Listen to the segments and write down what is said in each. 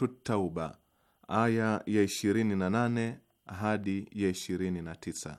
Suratut Tauba aya ya ishirini na nane hadi ya ishirini na tisa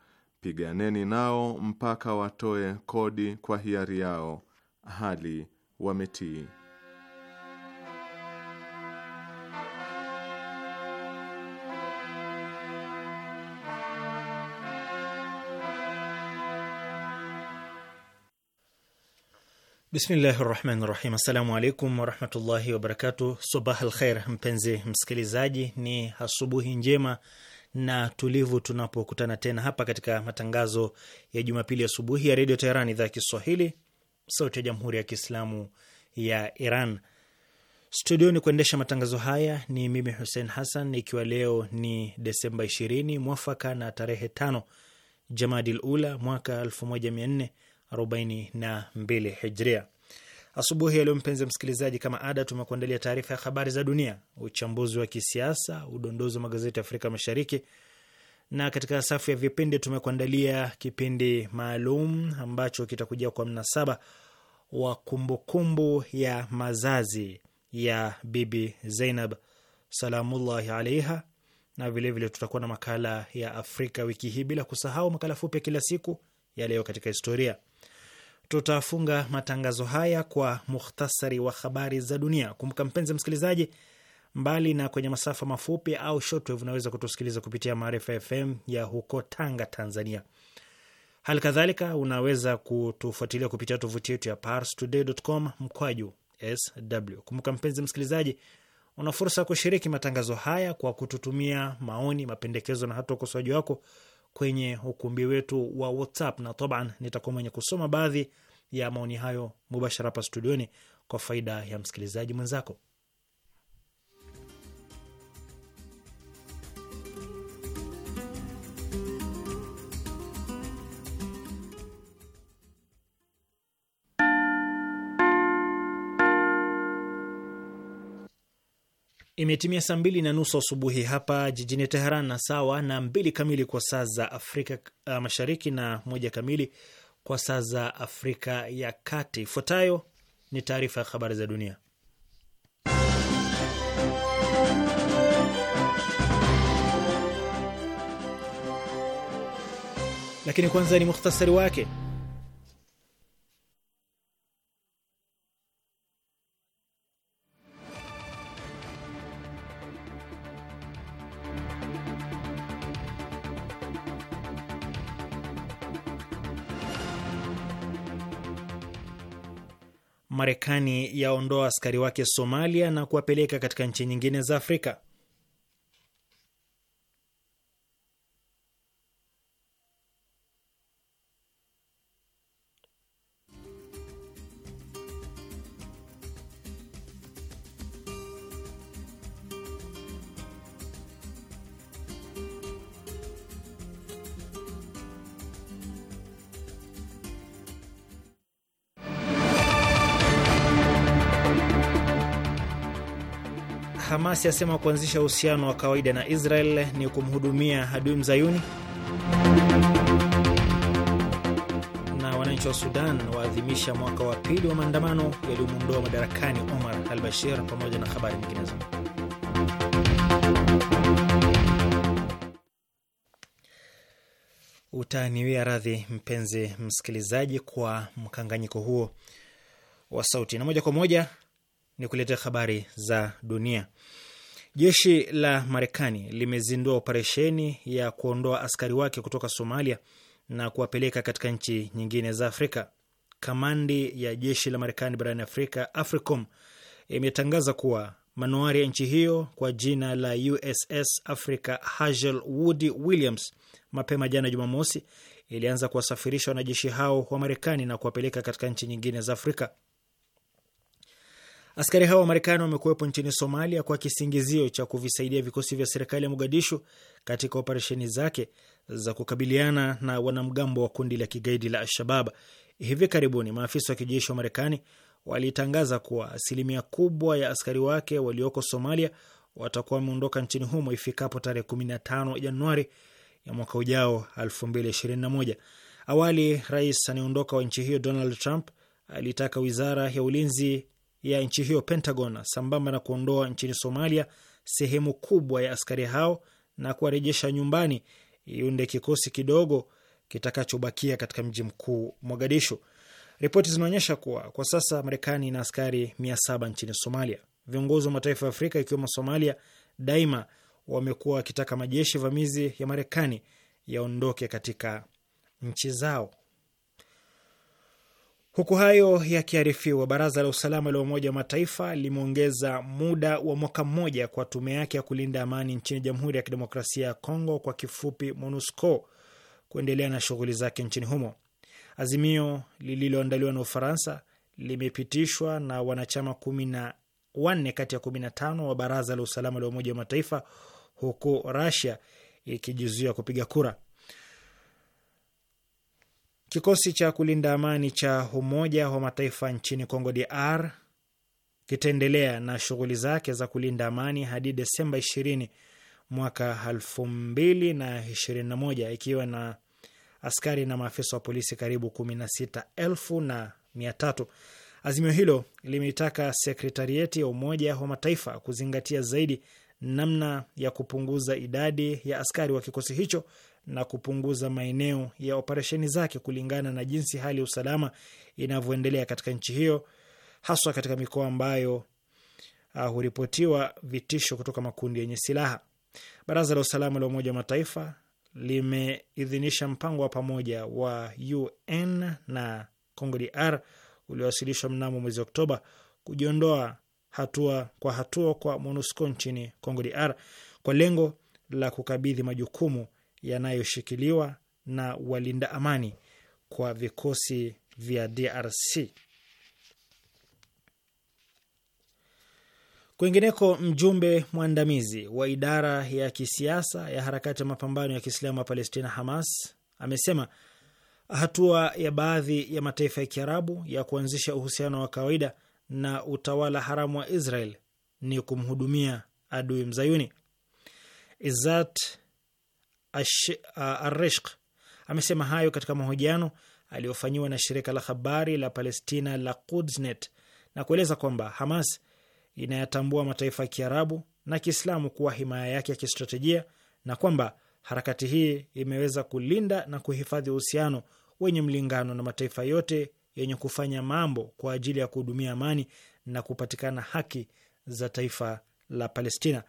piganeni nao mpaka watoe kodi kwa hiari yao hali wametii. Bismillahi rahmani rahim. Assalamu alaikum warahmatullahi wabarakatuh. Subah al khair, mpenzi msikilizaji, ni asubuhi njema na tulivu tunapokutana tena hapa katika matangazo ya Jumapili asubuhi ya Redio Teheran, idhaa ya Kiswahili, sauti ya Jamhuri ya Kiislamu ya Iran. Studioni kuendesha matangazo haya ni mimi Hussein Hassan, ikiwa leo ni Desemba 20 mwafaka na tarehe tano Jamadil Ula mwaka 1442 Hijria. Asubuhi ya leo, mpenzi msikilizaji, kama ada, tumekuandalia taarifa ya habari za dunia, uchambuzi wa kisiasa, udondozi wa magazeti ya Afrika Mashariki, na katika safu ya vipindi tumekuandalia kipindi maalum ambacho kitakujia kwa mnasaba wa kumbukumbu ya mazazi ya Bibi Zainab salamullahi alaiha, na vilevile tutakuwa na makala ya Afrika wiki hii, bila kusahau makala fupi ya kila siku ya leo katika historia tutafunga matangazo haya kwa mukhtasari wa habari za dunia. Kumbuka mpenzi msikilizaji, mbali na kwenye masafa mafupi au shortwave, unaweza kutusikiliza kupitia Maarifa FM ya huko Tanga, Tanzania. Hali kadhalika unaweza kutufuatilia kupitia tovuti yetu ya parstoday.com mkwaju sw. Kumbuka mpenzi msikilizaji, una fursa ya kushiriki matangazo haya kwa kututumia maoni, mapendekezo na hata ukosoaji wako kwenye ukumbi wetu wa WhatsApp na taban nitakuwa mwenye kusoma baadhi ya maoni hayo mubashara hapa studioni kwa faida ya msikilizaji mwenzako. Imetimia saa mbili na nusu asubuhi hapa jijini Teheran na sawa na mbili kamili kwa saa za Afrika uh, Mashariki na moja kamili kwa saa za Afrika ya Kati. Ifuatayo ni taarifa ya habari za dunia, lakini kwanza ni muhtasari wake. Marekani yaondoa askari wake Somalia na kuwapeleka katika nchi nyingine za Afrika. Hamasi asema kuanzisha uhusiano wa kawaida na Israel ni kumhudumia adui mzayuni. Na wananchi wa Sudan waadhimisha mwaka wa pili wa maandamano yaliyomuondoa madarakani Omar al Bashir, pamoja na habari nyinginezo. Utaniwia radhi mpenzi msikilizaji kwa mkanganyiko huo wa sauti, na moja kwa moja ni kuletea habari za dunia. Jeshi la Marekani limezindua operesheni ya kuondoa askari wake kutoka Somalia na kuwapeleka katika nchi nyingine za Afrika. Kamandi ya jeshi la Marekani barani Afrika, AFRICOM, imetangaza kuwa manuari ya nchi hiyo kwa jina la USS Africa Hazel Woody Williams mapema jana Jumamosi ilianza kuwasafirisha wanajeshi hao wa Marekani na kuwapeleka katika nchi nyingine za Afrika. Askari hao wa Marekani wamekuwepo nchini Somalia kwa kisingizio cha kuvisaidia vikosi vya serikali ya Mogadishu katika operesheni zake za kukabiliana na wanamgambo wa kundi la kigaidi la Alshabab. Hivi karibuni maafisa wa kijeshi wa Marekani walitangaza kuwa asilimia kubwa ya askari wake walioko Somalia watakuwa wameondoka nchini humo ifikapo tarehe 15 Januari ya mwaka ujao 2021. Awali rais anayeondoka wa nchi hiyo Donald Trump alitaka wizara ya ulinzi ya nchi hiyo Pentagon, sambamba na kuondoa nchini Somalia sehemu kubwa ya askari hao na kuwarejesha nyumbani, iunde kikosi kidogo kitakachobakia katika mji mkuu Mogadishu. Ripoti zinaonyesha kuwa kwa sasa Marekani ina askari mia saba nchini Somalia. Viongozi wa mataifa ya Afrika ikiwemo Somalia daima wamekuwa wakitaka majeshi vamizi ya Marekani yaondoke katika nchi zao. Huku hayo yakiarifiwa, baraza la usalama la Umoja wa Mataifa limeongeza muda wa mwaka mmoja kwa tume yake ya kulinda amani nchini Jamhuri ya Kidemokrasia ya Kongo, kwa kifupi MONUSCO, kuendelea na shughuli zake nchini humo. Azimio lililoandaliwa na Ufaransa limepitishwa na wanachama kumi na wanne kati ya kumi na tano wa baraza la usalama la Umoja wa Mataifa, huku Rasia ikijizuia kupiga kura. Kikosi cha kulinda amani cha Umoja wa Mataifa nchini congo DR kitaendelea na shughuli zake za kulinda amani hadi Desemba 20 mwaka 2021 ikiwa na askari na maafisa wa polisi karibu 16,300. Azimio hilo limeitaka sekretarieti ya Umoja wa Mataifa kuzingatia zaidi namna ya kupunguza idadi ya askari wa kikosi hicho na kupunguza maeneo ya operesheni zake kulingana na jinsi hali ya usalama inavyoendelea katika nchi hiyo, haswa katika mikoa ambayo uh, huripotiwa vitisho kutoka makundi yenye silaha. Baraza la usalama la Umoja wa Mataifa limeidhinisha mpango wa pamoja wa UN na Congo DR uliowasilishwa mnamo mwezi Oktoba kujiondoa hatua kwa hatua kwa MONUSCO nchini Congo DR kwa lengo la kukabidhi majukumu yanayoshikiliwa na walinda amani kwa vikosi vya DRC. Kwingineko, mjumbe mwandamizi wa idara ya kisiasa ya harakati ya mapambano ya Kiislamu ya Palestina, Hamas, amesema hatua ya baadhi ya mataifa ya Kiarabu ya kuanzisha uhusiano wa kawaida na utawala haramu wa Israel ni kumhudumia adui mzayuni. Izzat Areshk amesema hayo katika mahojiano aliyofanyiwa na shirika la habari la Palestina la Kudsnet na kueleza kwamba Hamas inayatambua mataifa ya Kiarabu na Kiislamu kuwa himaya yake ya kistratejia na kwamba harakati hii imeweza kulinda na kuhifadhi uhusiano wenye mlingano na mataifa yote yenye kufanya mambo kwa ajili ya kuhudumia amani na kupatikana haki za taifa la Palestina.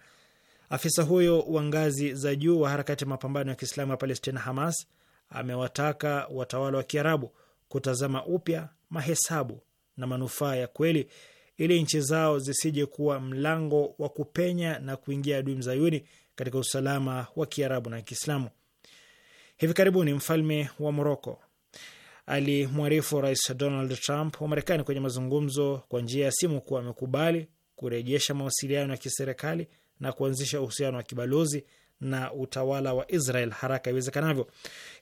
Afisa huyo wa ngazi za juu wa harakati ya mapambano ya Kiislamu ya Palestina, Hamas, amewataka watawala wa Kiarabu kutazama upya mahesabu na manufaa ya kweli ili nchi zao zisije kuwa mlango wa kupenya na kuingia adui mzayuni katika usalama wa Kiarabu na Kiislamu. Hivi karibuni mfalme wa Moroko alimwarifu Rais Donald Trump wa Marekani kwenye mazungumzo kwa njia ya simu kuwa amekubali kurejesha mawasiliano ya kiserikali na kuanzisha uhusiano wa kibalozi na utawala wa Israel haraka iwezekanavyo.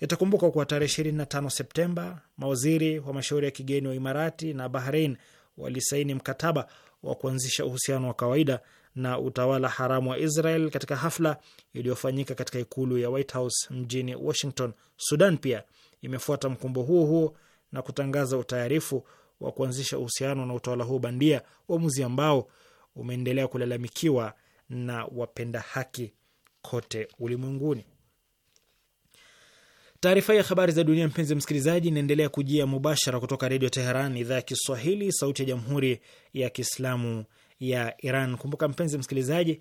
Itakumbuka kwa tarehe tano Septemba, mawaziri wa mashauri ya kigeni wa Imarati na Bahrein walisaini mkataba wa kuanzisha uhusiano wa kawaida na utawala haramu wa Israel katika hafla iliyofanyika katika ikulu ya White House mjini Washington. Sudan pia imefuata mkumbo huo huo na kutangaza utayarifu wa kuanzisha uhusiano na utawala huo bandia, uamuzi ambao umeendelea kulalamikiwa na wapenda haki kote ulimwenguni. Taarifa ya habari za dunia, mpenzi msikilizaji, inaendelea kujia mubashara kutoka Redio Teheran, idhaa ya Kiswahili, sauti ya Jamhuri ya Kiislamu ya Iran. Kumbuka mpenzi msikilizaji,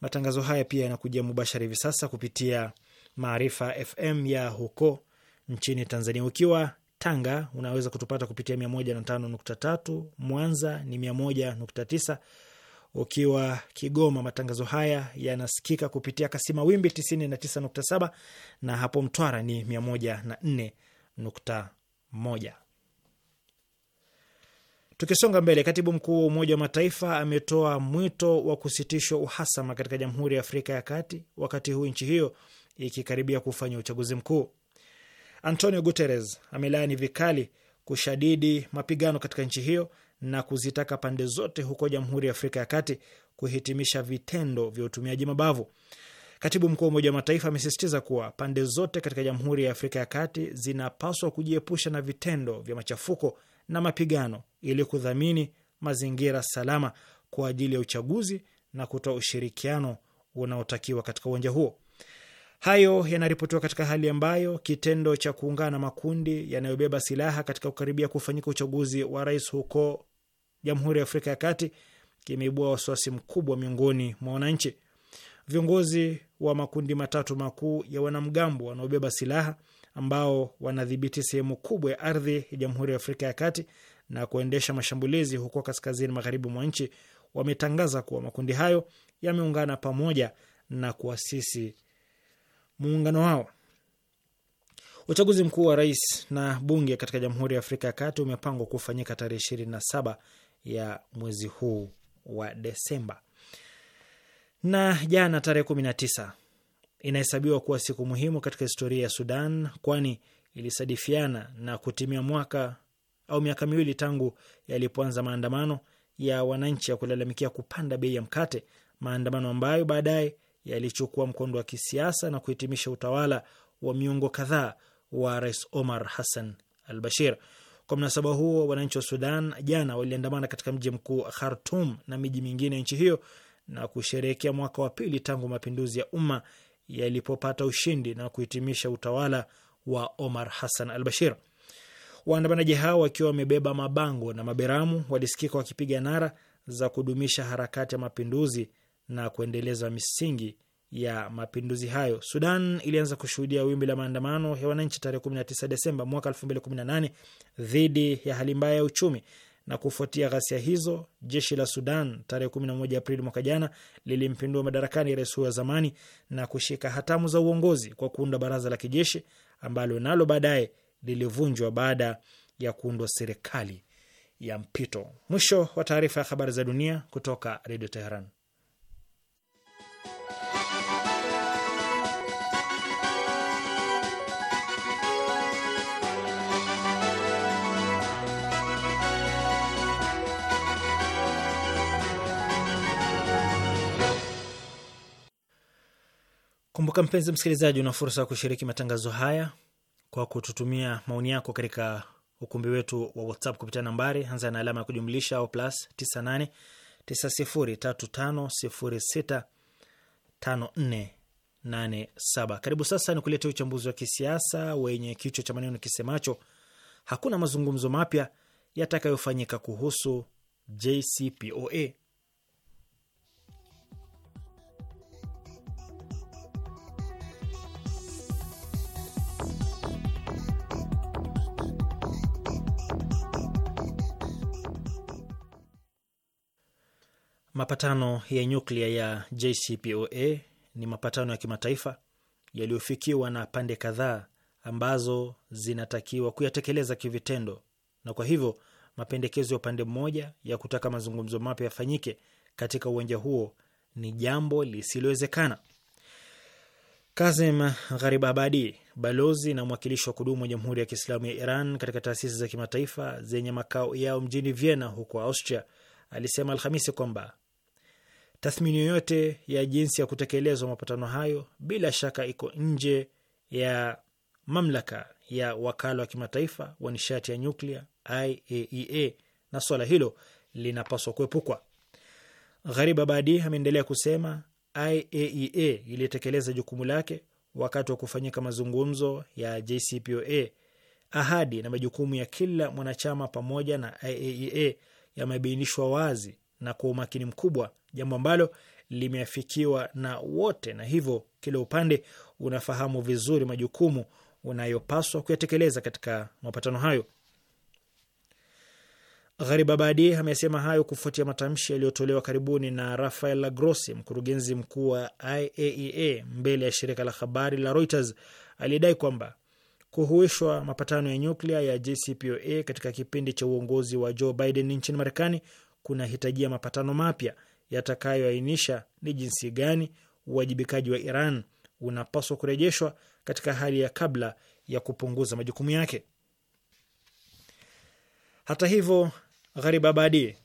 matangazo haya pia yanakujia mubashara hivi sasa kupitia Maarifa FM ya huko nchini Tanzania. Ukiwa Tanga unaweza kutupata kupitia 105.3, Mwanza ni 101.9 ukiwa Kigoma. Matangazo haya yanasikika kupitia kasima wimbi 99.7 na hapo Mtwara ni 104.1. Tukisonga mbele, katibu mkuu wa Umoja wa Mataifa ametoa mwito wa kusitishwa uhasama katika Jamhuri ya Afrika ya Kati wakati huu nchi hiyo ikikaribia kufanya uchaguzi mkuu. Antonio Guterres amelaani vikali kushadidi mapigano katika nchi hiyo na kuzitaka pande zote huko Jamhuri ya Afrika ya Kati kuhitimisha vitendo vya utumiaji mabavu. Katibu mkuu wa Umoja wa Mataifa amesisitiza kuwa pande zote katika Jamhuri ya Afrika ya Kati zinapaswa kujiepusha na vitendo vya machafuko na mapigano ili kudhamini mazingira salama kwa ajili ya uchaguzi na kutoa ushirikiano unaotakiwa katika uwanja huo. Hayo yanaripotiwa katika hali ambayo kitendo cha kuungana na makundi yanayobeba silaha katika kukaribia kufanyika uchaguzi wa rais huko Jamhuri ya Afrika ya Kati kimeibua wasiwasi mkubwa miongoni mwa wananchi. Viongozi wa makundi matatu makuu ya wanamgambo wanaobeba silaha ambao wanadhibiti sehemu kubwa ya ardhi ya Jamhuri ya Afrika ya Kati na kuendesha mashambulizi huko kaskazini magharibi mwa nchi wametangaza kuwa makundi hayo yameungana pamoja na kuasisi muungano wao. Uchaguzi mkuu wa rais na bunge katika Jamhuri ya Afrika ya Kati umepangwa kufanyika tarehe saba ya mwezi huu wa Desemba. Na jana tarehe 19 inahesabiwa kuwa siku muhimu katika historia ya Sudan, kwani ilisadifiana na kutimia mwaka au miaka miwili tangu yalipoanza maandamano ya wananchi ya kulalamikia kupanda bei ya mkate, maandamano ambayo baadaye yalichukua mkondo wa kisiasa na kuhitimisha utawala wa miongo kadhaa wa Rais Omar Hassan al-Bashir. Kwa mnasaba huo, wananchi wa Sudan jana waliandamana katika mji mkuu Khartum na miji mingine ya nchi hiyo na kusherehekea mwaka wa pili tangu mapinduzi ya umma yalipopata ushindi na kuhitimisha utawala wa Omar Hassan al Bashir. Waandamanaji hao wakiwa wamebeba mabango na maberamu walisikika wakipiga nara za kudumisha harakati ya mapinduzi na kuendeleza misingi ya mapinduzi hayo. Sudan ilianza kushuhudia wimbi la maandamano ya wananchi tarehe 19 Desemba mwaka 2018 dhidi ya hali mbaya ya uchumi, na kufuatia ghasia hizo, jeshi la Sudan tarehe 11 Aprili mwaka jana lilimpindua madarakani rais huyo wa zamani na kushika hatamu za uongozi kwa kuunda baraza la kijeshi ambalo nalo baadaye lilivunjwa baada ya kuundwa serikali ya mpito. Mwisho wa taarifa ya habari za dunia kutoka Redio Teheran. Kumbuka mpenzi msikilizaji, una fursa ya kushiriki matangazo haya kwa kututumia maoni yako katika ukumbi wetu wa WhatsApp kupitia nambari, anza na alama ya kujumlisha au plus 98 Karibu sasa ni kuletea uchambuzi wa kisiasa wenye kichwa cha maneno kisemacho hakuna mazungumzo mapya yatakayofanyika kuhusu JCPOA. Mapatano ya nyuklia ya JCPOA ni mapatano ya kimataifa yaliyofikiwa na pande kadhaa ambazo zinatakiwa kuyatekeleza kivitendo, na kwa hivyo mapendekezo ya upande mmoja ya kutaka mazungumzo mapya yafanyike katika uwanja huo ni jambo lisilowezekana. Kazem Gharibabadi, balozi na mwakilishi wa kudumu wa Jamhuri ya Kiislamu ya Iran katika taasisi za kimataifa zenye makao yao mjini Vienna huko Austria, alisema Alhamisi kwamba Tathmini yoyote ya jinsi ya kutekelezwa mapatano hayo bila shaka iko nje ya mamlaka ya wakala wa kimataifa wa nishati ya nyuklia IAEA e na swala hilo linapaswa kuepukwa. Gharib Abadi ameendelea kusema IAEA e ilitekeleza jukumu lake wakati wa kufanyika mazungumzo ya JCPOA. Ahadi na majukumu ya kila mwanachama pamoja na IAEA e yamebainishwa wazi na kwa umakini mkubwa, jambo ambalo limeafikiwa na wote, na hivyo kila upande unafahamu vizuri majukumu unayopaswa kuyatekeleza katika mapatano hayo. Gharibabadi amesema hayo kufuatia matamshi yaliyotolewa karibuni na Rafael Lagrossi, mkurugenzi mkuu wa IAEA, e mbele ya shirika la habari la Reuters. aliyedai kwamba kuhuishwa mapatano ya nyuklia ya JCPOA katika kipindi cha uongozi wa Joe Biden nchini Marekani kunahitajia mapatano mapya yatakayoainisha ni jinsi gani uwajibikaji wa Iran unapaswa kurejeshwa katika hali ya kabla ya kupunguza majukumu yake. Hata hivyo, Gharib Abadi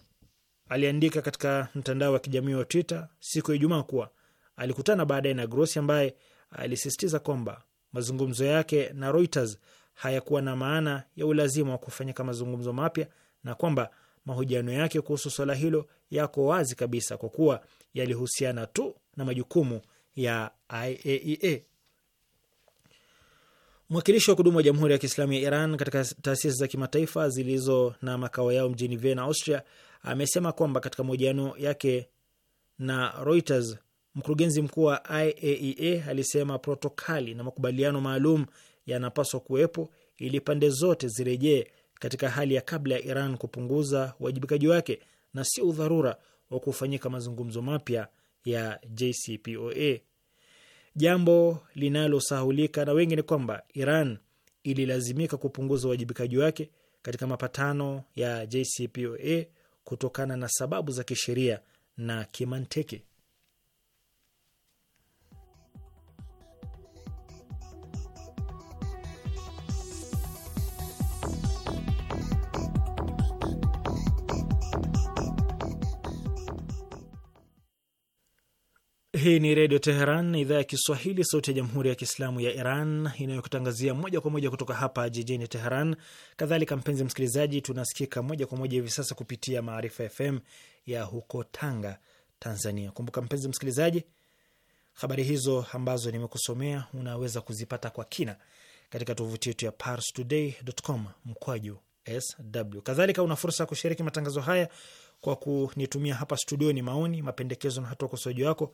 aliandika katika mtandao wa kijamii wa Twitter siku ya Ijumaa kuwa alikutana baadaye na Grossi ambaye alisisitiza kwamba mazungumzo yake na Reuters hayakuwa na maana ya ulazima wa kufanyika mazungumzo mapya na kwamba mahojiano yake kuhusu swala hilo yako wazi kabisa kwa kuwa yalihusiana tu na majukumu ya IAEA. E Mwakilishi wa kudumu wa Jamhuri ya Kiislamu ya Iran katika taasisi za kimataifa zilizo na makao yao mjini Vienna, Austria, amesema kwamba katika mahojiano yake na Reuters, mkurugenzi mkuu wa IAEA e alisema protokali na makubaliano maalum yanapaswa kuwepo ili pande zote zirejee katika hali ya kabla ya Iran kupunguza uwajibikaji wake na si udharura wa kufanyika mazungumzo mapya ya JCPOA. Jambo linalosahulika na wengi ni kwamba Iran ililazimika kupunguza uwajibikaji wake katika mapatano ya JCPOA kutokana na sababu za kisheria na kimantiki. Hii ni Redio Teheran, idhaa ya Kiswahili, sauti ya Jamhuri ya Kiislamu ya Iran, inayokutangazia moja kwa moja kutoka hapa jijini Teheran. Kadhalika, mpenzi msikilizaji, tunasikika moja kwa moja hivi sasa kupitia Maarifa FM ya huko Tanga, Tanzania. Kumbuka mpenzi msikilizaji, habari hizo ambazo nimekusomea unaweza kuzipata kwa kina katika tovuti yetu ya parstoday.com mkwaju sw. Kadhalika, una fursa ya kushiriki matangazo haya kwa kunitumia hapa studioni maoni, mapendekezo na hata ukosoaji wako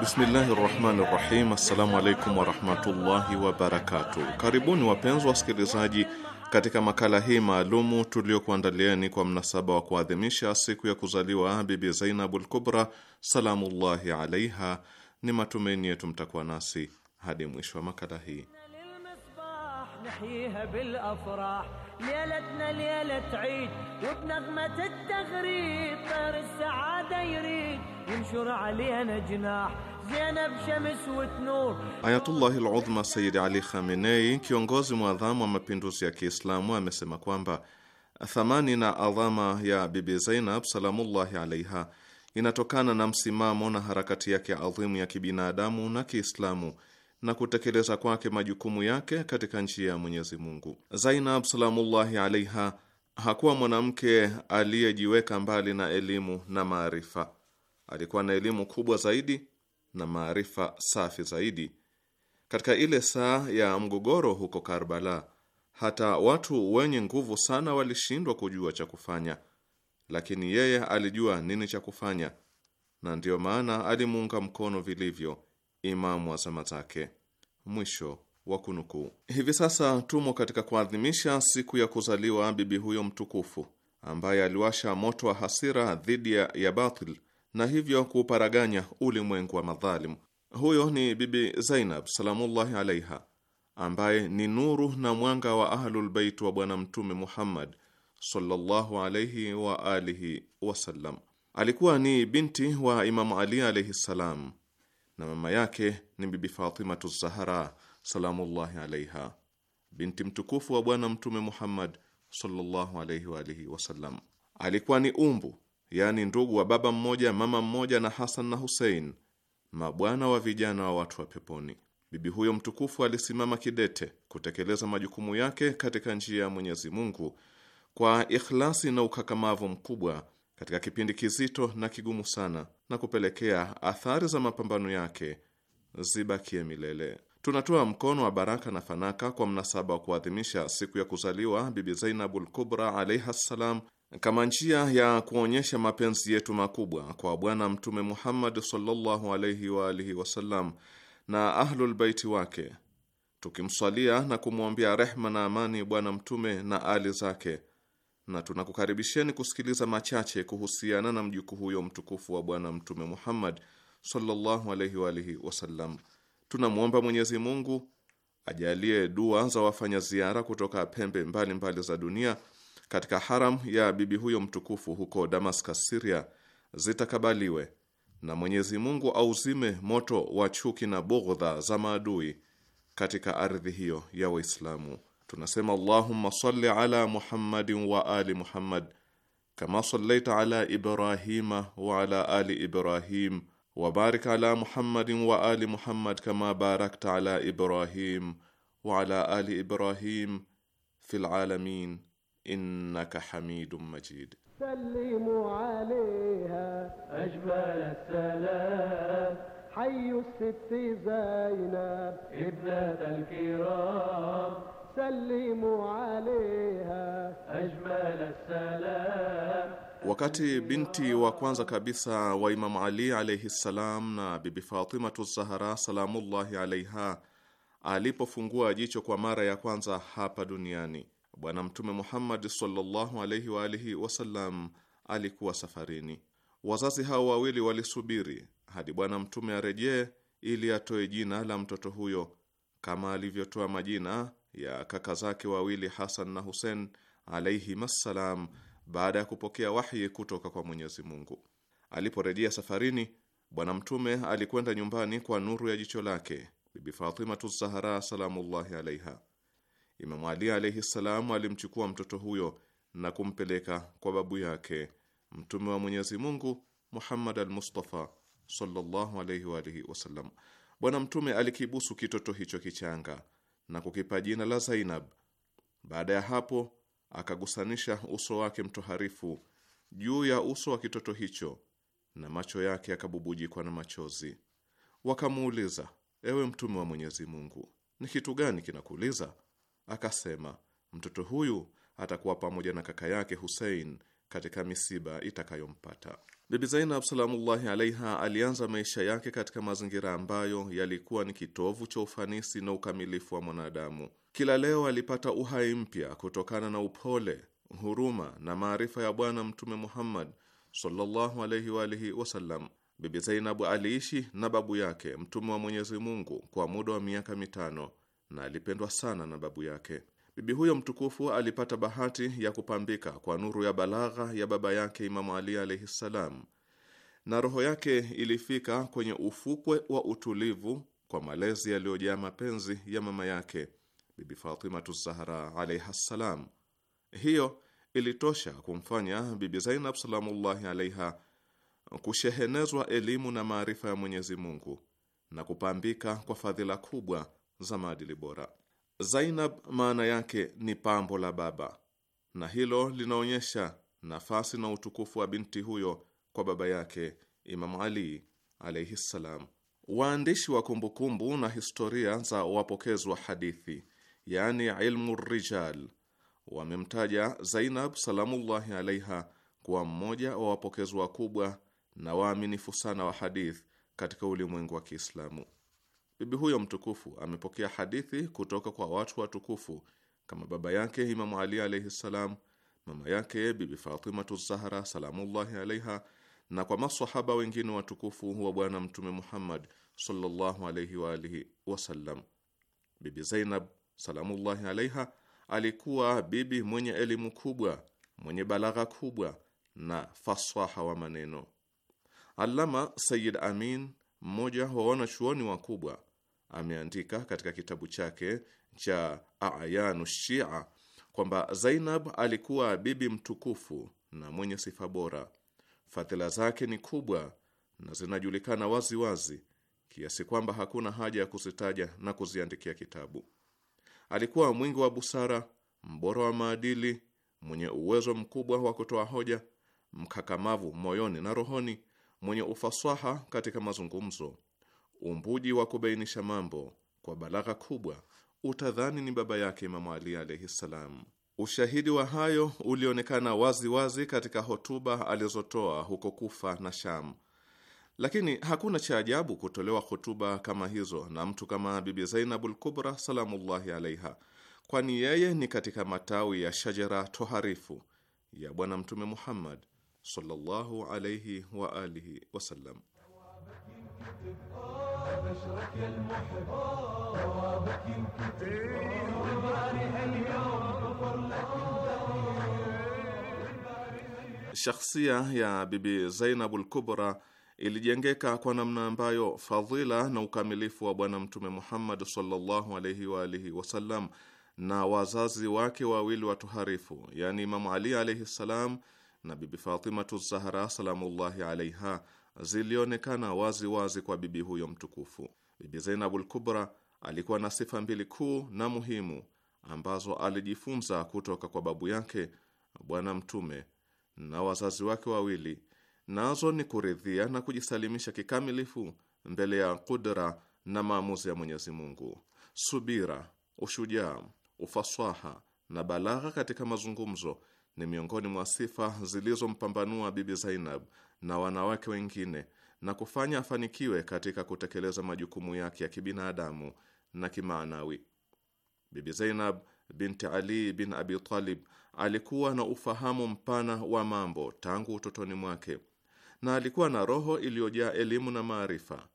Bismillahi rahmani rahim. Assalamu alaikum warahmatullahi wabarakatuh. Karibuni wapenzi wasikilizaji, katika makala hii maalumu tuliokuandalieni kwa mnasaba wa kuadhimisha siku ya kuzaliwa Bibi zainabu Kubra salamullahi alaiha. Ni matumaini yetu mtakuwa nasi hadi mwisho wa makala hii. نحييها بالأفراح ليلتنا ليلة عيد وبنغمة التغريد طير السعادة يريد ينشر علينا جناح زينب شمس وتنور Ayatullahi al-Udhma Sayyid Ali Khamenei, kiongozi mwadhamu wa mapinduzi ya Kiislamu, amesema kwamba thamani na adhama ya Bibi Zainab salamullahi alaiha inatokana na msimamo na harakati yake adhimu ya kibinadamu na Kiislamu na kutekeleza kwake majukumu yake katika njia ya Mwenyezi Mungu. Zainab salamullahi alaiha hakuwa mwanamke aliyejiweka mbali na elimu na maarifa. Alikuwa na elimu kubwa zaidi na maarifa safi zaidi. Katika ile saa ya mgogoro huko Karbala, hata watu wenye nguvu sana walishindwa kujua cha kufanya, lakini yeye alijua nini cha kufanya, na ndiyo maana alimuunga mkono vilivyo Imamu wa zama zake. Mwisho wa kunukuu. Hivi sasa tumo katika kuadhimisha siku ya kuzaliwa bibi huyo mtukufu ambaye aliwasha moto wa hasira dhidi ya batil na hivyo kuuparaganya ulimwengu wa madhalimu. Huyo ni Bibi Zainab salamullahi alaiha, ambaye ni nuru na mwanga wa Ahlulbeit wa Bwana Mtume Muhammad sallallahu alaihi wa alihi wasallam. Alikuwa ni binti wa Imamu Ali alaihi salam na mama yake ni Bibi Fatimatu Zahara salamullahi alaiha, binti mtukufu wa Bwana Mtume Muhammad sallallahu alaihi wa alihi wasallam. Alikuwa ni umbu, yaani ndugu wa baba mmoja mama mmoja na Hasan na Husein, mabwana wa vijana wa watu wa peponi. Bibi huyo mtukufu alisimama kidete kutekeleza majukumu yake katika njia ya Mwenyezi Mungu kwa ikhlasi na ukakamavu mkubwa katika kipindi kizito na kigumu sana na kupelekea athari za mapambano yake zibakie milele. Tunatoa mkono wa baraka na fanaka kwa mnasaba wa kuadhimisha siku ya kuzaliwa Bibi zainabu lkubra alaiha ssalam, kama njia ya kuonyesha mapenzi yetu makubwa kwa Bwana Mtume Muhammad sallallahu alaihi wa alihi wasallam na ahlulbaiti wake, tukimswalia na kumwombea rehma na amani Bwana Mtume na ali zake na tunakukaribisheni kusikiliza machache kuhusiana na mjukuu huyo mtukufu wa Bwana Mtume Muhammad sallallahu alaihi wa alihi wasallam. Tunamwomba Mwenyezi Mungu ajalie dua za wafanya ziara kutoka pembe mbalimbali mbali za dunia katika haram ya bibi huyo mtukufu huko Damascus, Syria zitakabaliwe na Mwenyezi Mungu auzime moto wa chuki na bughdha za maadui katika ardhi hiyo ya Waislamu. tunasema Allahumma salli ala Muhammadin wa ali Muhammad kama sallaita ala Ibrahima wa ala ali Ibrahim wa barik ala Muhammadin wa ali Muhammad kama barakta ala Ibrahim wa ala ali Ibrahim fil alamin innaka hamidum majid. سلموا عليها أجمل السلام حي الست زينب ابنة الكرام سلموا عليها أجمل salam. Wakati binti wa kwanza kabisa wa Imamu Ali alayhi salam na Bibi Fatimatu Zahra salamullahi alaiha alipofungua jicho kwa mara ya kwanza hapa duniani, Bwana Mtume Muhammad sallallahu alayhi wa alihi wasallam alikuwa safarini. Wazazi hao wawili walisubiri hadi Bwana Mtume arejee ili atoe jina la mtoto huyo, kama alivyotoa majina ya kaka zake wawili Hasan na Husen alaihimassalam, baada ya kupokea wahyi kutoka kwa Mwenyezi Mungu. Aliporejea safarini, Bwana Mtume alikwenda nyumbani kwa nuru ya jicho lake Bibi Fatimatu Zahra salamullahi alaiha. Imam Ali alaihi salam alimchukua mtoto huyo na kumpeleka kwa babu yake Mtume wa Mwenyezi Mungu Muhammad al-Mustafa sallallahu alayhi wa alihi wasallam. Bwana Mtume alikibusu kitoto hicho kichanga na kukipa jina la Zainab. Baada ya hapo, akagusanisha uso wake mtoharifu juu ya uso wa kitoto hicho na macho yake yakabubujikwa na machozi. Wakamuuliza, ewe mtume wa Mwenyezi Mungu, ni kitu gani kinakuuliza? Akasema, mtoto huyu atakuwa pamoja na kaka yake Hussein katika misiba itakayompata. Bibi Zainab salamullahi alaiha alianza maisha yake katika mazingira ambayo yalikuwa ni kitovu cha ufanisi na ukamilifu wa mwanadamu. Kila leo alipata uhai mpya kutokana na upole, huruma na maarifa ya Bwana Mtume Muhammad sallallahu alaihi wa alihi wasallam. Bibi Zainabu aliishi na babu yake Mtume wa Mwenyezi Mungu kwa muda wa miaka mitano na alipendwa sana na babu yake. Bibi huyo mtukufu alipata bahati ya kupambika kwa nuru ya balagha ya baba yake Imamu Ali alaihi ssalam, na roho yake ilifika kwenye ufukwe wa utulivu kwa malezi yaliyojaa mapenzi ya mama yake Bibi Fatimatu Zahra alaiha ssalam. Hiyo ilitosha kumfanya Bibi Zainab salamullahi alaiha kushehenezwa elimu na maarifa ya Mwenyezi Mungu na kupambika kwa fadhila kubwa za maadili bora. Zainab maana yake ni pambo la baba, na hilo linaonyesha nafasi na utukufu wa binti huyo kwa baba yake Imamu Ali alaihi ssalam. Waandishi wa kumbukumbu na historia za wapokezwa hadithi, yani ilmu rijal, wamemtaja Zainab salamullahi alaiha kuwa mmoja wa wapokezwa wakubwa na waaminifu sana wa hadith katika ulimwengu wa Kiislamu. Bibi huyo mtukufu amepokea hadithi kutoka kwa watu watukufu kama baba yake Imamu Ali alaihi ssalam, mama yake Bibi Fatimatu Zahra salamullahi alaiha, na kwa maswahaba wengine watukufu wa Bwana Mtume Muhammad sallallahu alaihi wa alihi wasallam. Bibi Zainab salamullahi alaiha alikuwa bibi mwenye elimu kubwa, mwenye balagha kubwa na faswaha wa maneno. Allama Sayyid Amin, mmoja wa wanachuoni wakubwa ameandika katika kitabu chake cha Ayanu Shia kwamba Zainab alikuwa bibi mtukufu na mwenye sifa bora. Fadhila zake ni kubwa na zinajulikana wazi wazi kiasi kwamba hakuna haja ya kuzitaja na kuziandikia kitabu. Alikuwa mwingi wa busara, mbora wa maadili, mwenye uwezo mkubwa wa kutoa hoja, mkakamavu moyoni na rohoni, mwenye ufasaha katika mazungumzo umbuji wa kubainisha mambo kwa balagha kubwa, utadhani ni baba yake Imamu Ali alaihi ssalam. Ushahidi wa hayo ulionekana wazi wazi katika hotuba alizotoa huko Kufa na Sham, lakini hakuna cha ajabu kutolewa hotuba kama hizo na mtu kama Bibi Zainabul Kubra salamullahi alaiha, kwani yeye ni katika matawi ya shajara toharifu ya Bwana Mtume Muhammad sallallahu alaihi wa alihi wasallam. بشرك المحب ثوابك يمكن والبارئ اليوم غفر لك Shakhsia ya Bibi Zainabu al-Kubra ilijengeka kwa namna ambayo fadhila na ukamilifu wa Bwana Mtume Muhammad sallallahu alaihi wa alihi wasallam na wazazi wake wawili watuharifu, yani Imamu Ali alaihi salam na Bibi Fatimatu Zahra salamullahi alaiha zilionekana wazi wazi kwa bibi huyo mtukufu. Bibi Zainabul Kubra alikuwa na sifa mbili kuu na muhimu ambazo alijifunza kutoka kwa babu yake Bwana Mtume na wazazi wake wawili, nazo ni kuridhia na kujisalimisha kikamilifu mbele ya kudra na maamuzi ya Mwenyezi Mungu, subira, ushujaa, ufaswaha na balagha katika mazungumzo ni miongoni mwa sifa zilizompambanua Bibi Zainab na wanawake wengine na kufanya afanikiwe katika kutekeleza majukumu yake ya kibinadamu na kimaanawi. Bibi Zainab binti Ali bin Abi Talib alikuwa na ufahamu mpana wa mambo tangu utotoni mwake na alikuwa na roho iliyojaa elimu na maarifa,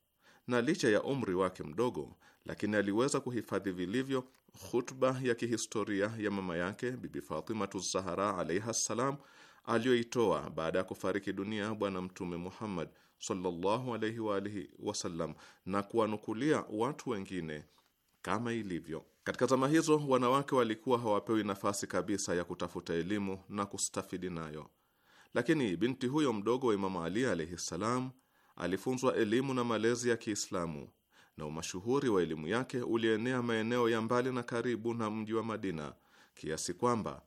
na licha ya umri wake mdogo, lakini aliweza kuhifadhi vilivyo khutba ya kihistoria ya mama yake Bibi Fatimatu Zahara alaiha ssalam aliyoitoa baada ya kufariki dunia Bwana Mtume Muhammad sallallahu alaihi wa alihi wasallam na kuwanukulia watu wengine kama ilivyo katika zama hizo, wanawake walikuwa hawapewi nafasi kabisa ya kutafuta elimu na kustafidi nayo, lakini binti huyo mdogo wa Imamu Ali alaihi ssalam alifunzwa elimu na malezi ya Kiislamu na umashuhuri wa elimu yake ulienea maeneo ya mbali na karibu na mji wa Madina, kiasi kwamba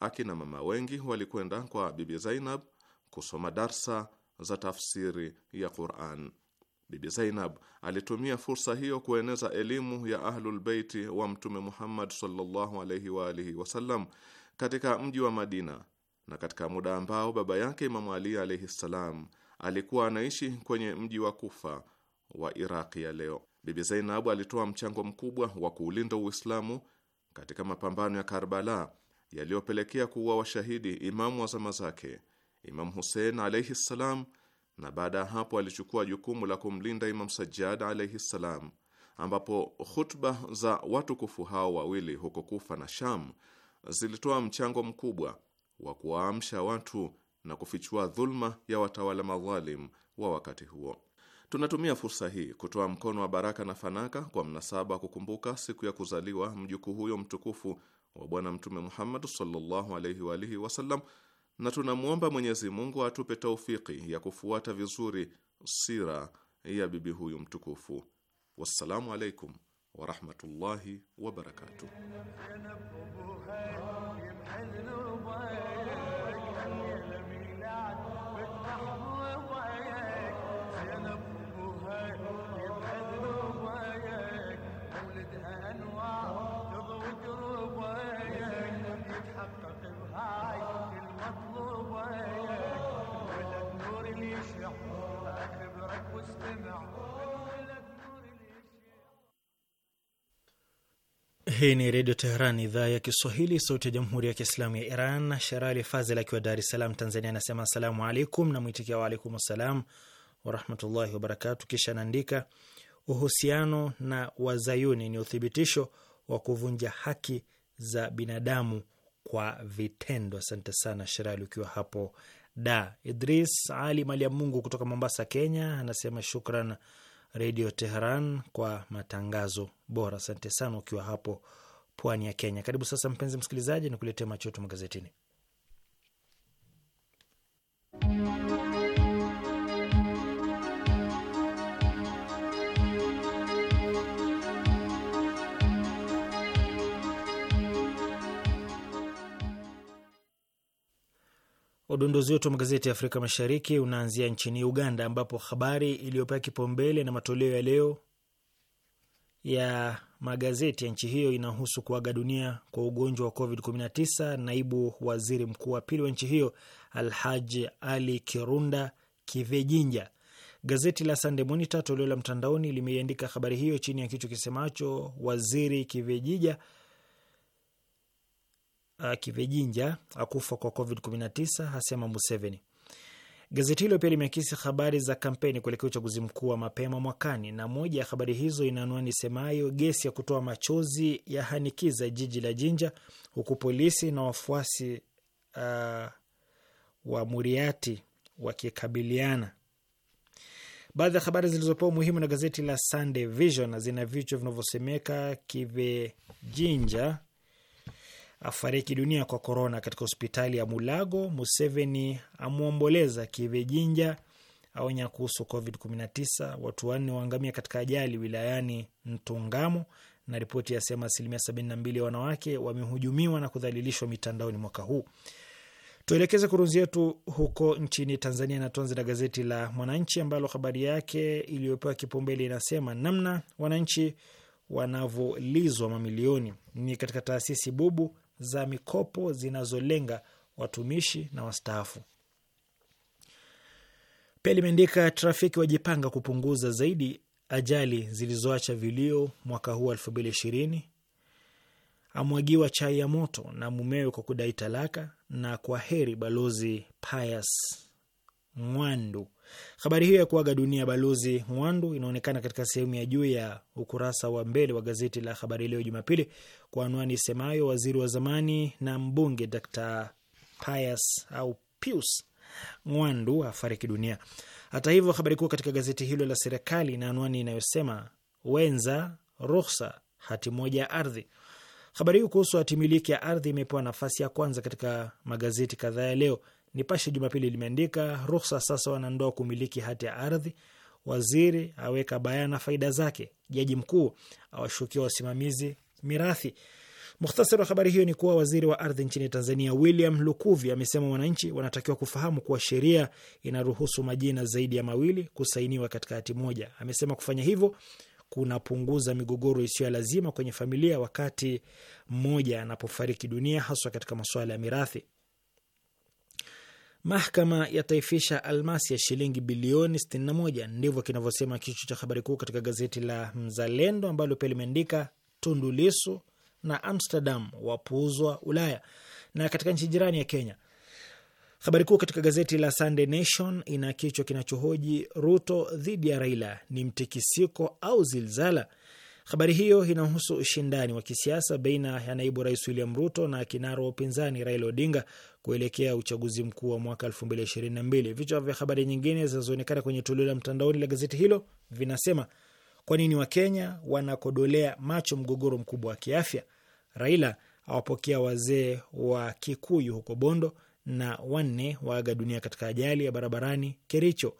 akina mama wengi walikwenda kwa Bibi Zainab kusoma darsa za tafsiri ya Quran. Bibi Zainab alitumia fursa hiyo kueneza elimu ya Ahlulbeiti wa Mtume Muhammad sallallahu alaihi wa alihi wasallam katika mji wa Madina, na katika muda ambao baba yake Imamu Ali alaihi ssalam alikuwa anaishi kwenye mji wa Kufa wa Iraqi ya leo. Bibi Zainabu alitoa mchango mkubwa wa kuulinda Uislamu katika mapambano ya Karbala yaliyopelekea kuua washahidi imamu wa zama zake, Imamu Husein alaihi ssalam, na baada ya hapo alichukua jukumu la kumlinda Imamu Sajjad alaihi ssalam, ambapo khutba za watukufu hao wawili huko Kufa na Sham zilitoa mchango mkubwa wa kuwaamsha watu na kufichua dhulma ya watawala madhalim wa wakati huo. Tunatumia fursa hii kutoa mkono wa baraka na fanaka kwa mnasaba kukumbuka siku ya kuzaliwa mjukuu huyo mtukufu wa Bwana Mtume Muhammad sallallahu alaihi wa alihi wasallam, na tunamwomba Mwenyezi Mungu atupe taufiki ya kufuata vizuri sira ya bibi huyu mtukufu. Wassalamu alaikum warahmatullahi wabarakatuh. Hii ni Redio Teheran, idhaa ya Kiswahili, sauti ya Jamhuri ya Kiislamu ya Iran. Sherali Fazel akiwa Dar es Salaam, Tanzania, anasema asalamu alaikum, na mwitikia waalaikum wassalam warahmatullahi wabarakatu. Kisha anaandika uhusiano na wazayuni ni uthibitisho wa kuvunja haki za binadamu kwa vitendo. Asante sana Sherali ukiwa hapo da. Idris Ali Mali ya Mungu kutoka Mombasa, Kenya, anasema shukran Redio Teheran kwa matangazo bora. Asante sana ukiwa hapo pwani ya Kenya. Karibu sasa, mpenzi msikilizaji, ni kuletea machoto magazetini. Udondozi wetu wa magazeti ya Afrika Mashariki unaanzia nchini Uganda, ambapo habari iliyopewa kipaumbele na matoleo ya leo ya magazeti ya nchi hiyo inahusu kuaga dunia kwa ugonjwa wa COVID-19 naibu waziri mkuu wa pili wa nchi hiyo Alhaji Ali Kirunda Kivejinja. Gazeti la Sunday Monitor toleo la mtandaoni limeiandika habari hiyo chini ya kichwa kisemacho waziri Kivejija uh, Kivejinja akufa kwa COVID-19, hasema Museveni. Gazeti hilo pia limeakisi habari za kampeni kuelekea uchaguzi mkuu wa mapema mwakani, na moja ya habari hizo ina anwani semayo gesi ya kutoa machozi ya hanikiza jiji la Jinja, huku polisi na wafuasi uh, wa Muriati wakikabiliana. Baadhi ya habari zilizopewa umuhimu na gazeti la Sunday Vision zina vichwa vinavyosemeka Kivejinja afariki dunia kwa korona katika hospitali ya Mulago. Museveni amwomboleza Kivejinja, aonya kuhusu COVID-19. Watu wanne waangamia katika ajali wilayani Ntungamo, na ripoti yasema asilimia 72 ya wanawake wamehujumiwa na kudhalilishwa mitandaoni mwaka huu. Tuelekeze kurunzi yetu huko nchini Tanzania na tuanze na gazeti la Mwananchi ambalo habari yake iliyopewa kipaumbele inasema namna wananchi wanavyolizwa mamilioni ni katika taasisi bubu za mikopo zinazolenga watumishi na wastaafu. Pia limeandika trafiki wajipanga kupunguza zaidi ajali zilizoacha vilio mwaka huu elfu mbili ishirini. Amwagiwa chai ya moto na mumewe kwa kudai talaka, na kwa heri Balozi Pius Mwandu. Habari hiyo ya kuaga dunia balozi Mwandu inaonekana katika sehemu ya juu ya ukurasa wa mbele wa gazeti la Habari Leo Jumapili kwa anwani isemayo waziri wa zamani na mbunge Dr Pius au Pius Mwandu afariki dunia. Hata hivyo, habari kuu katika gazeti hilo la serikali na anwani inayosema wenza ruhusa hati moja ya ardhi. Habari hiyo kuhusu hatimiliki ya ardhi imepewa nafasi ya kwanza katika magazeti kadhaa ya leo. Nipashe Jumapili limeandika ruhusa sasa wanandoa kumiliki hati ya ardhi, waziri aweka bayana faida zake, jaji mkuu awashukia wasimamizi mirathi. Mukhtasari wa habari hiyo ni kuwa waziri wa ardhi nchini Tanzania William Lukuvi amesema wananchi wanatakiwa kufahamu kuwa sheria inaruhusu majina zaidi ya mawili kusainiwa katika hati moja. Amesema kufanya hivyo kunapunguza migogoro isiyo ya lazima kwenye familia wakati mmoja anapofariki dunia, haswa katika masuala ya mirathi. Mahakama yataifisha almasi ya shilingi bilioni 61. Ndivyo kinavyosema kichwa cha habari kuu katika gazeti la Mzalendo ambalo pia limeandika tundulisu na Amsterdam wapuuzwa Ulaya. Na katika nchi jirani ya Kenya, habari kuu katika gazeti la Sunday Nation ina kichwa kinachohoji Ruto dhidi ya Raila, ni mtikisiko au zilzala? Habari hiyo inahusu ushindani wa kisiasa baina ya naibu rais William Ruto na kinara wa upinzani Raila Odinga kuelekea uchaguzi mkuu wa mwaka 2022. Vichwa vya habari nyingine zinazoonekana kwenye toleo la mtandaoni la gazeti hilo vinasema: kwa nini Wakenya wanakodolea macho mgogoro mkubwa wa kiafya, Raila awapokea wazee wa Kikuyu huko Bondo, na wanne waaga dunia katika ajali ya barabarani Kericho,